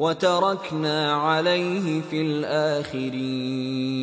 وتركنا عليه في الآخرين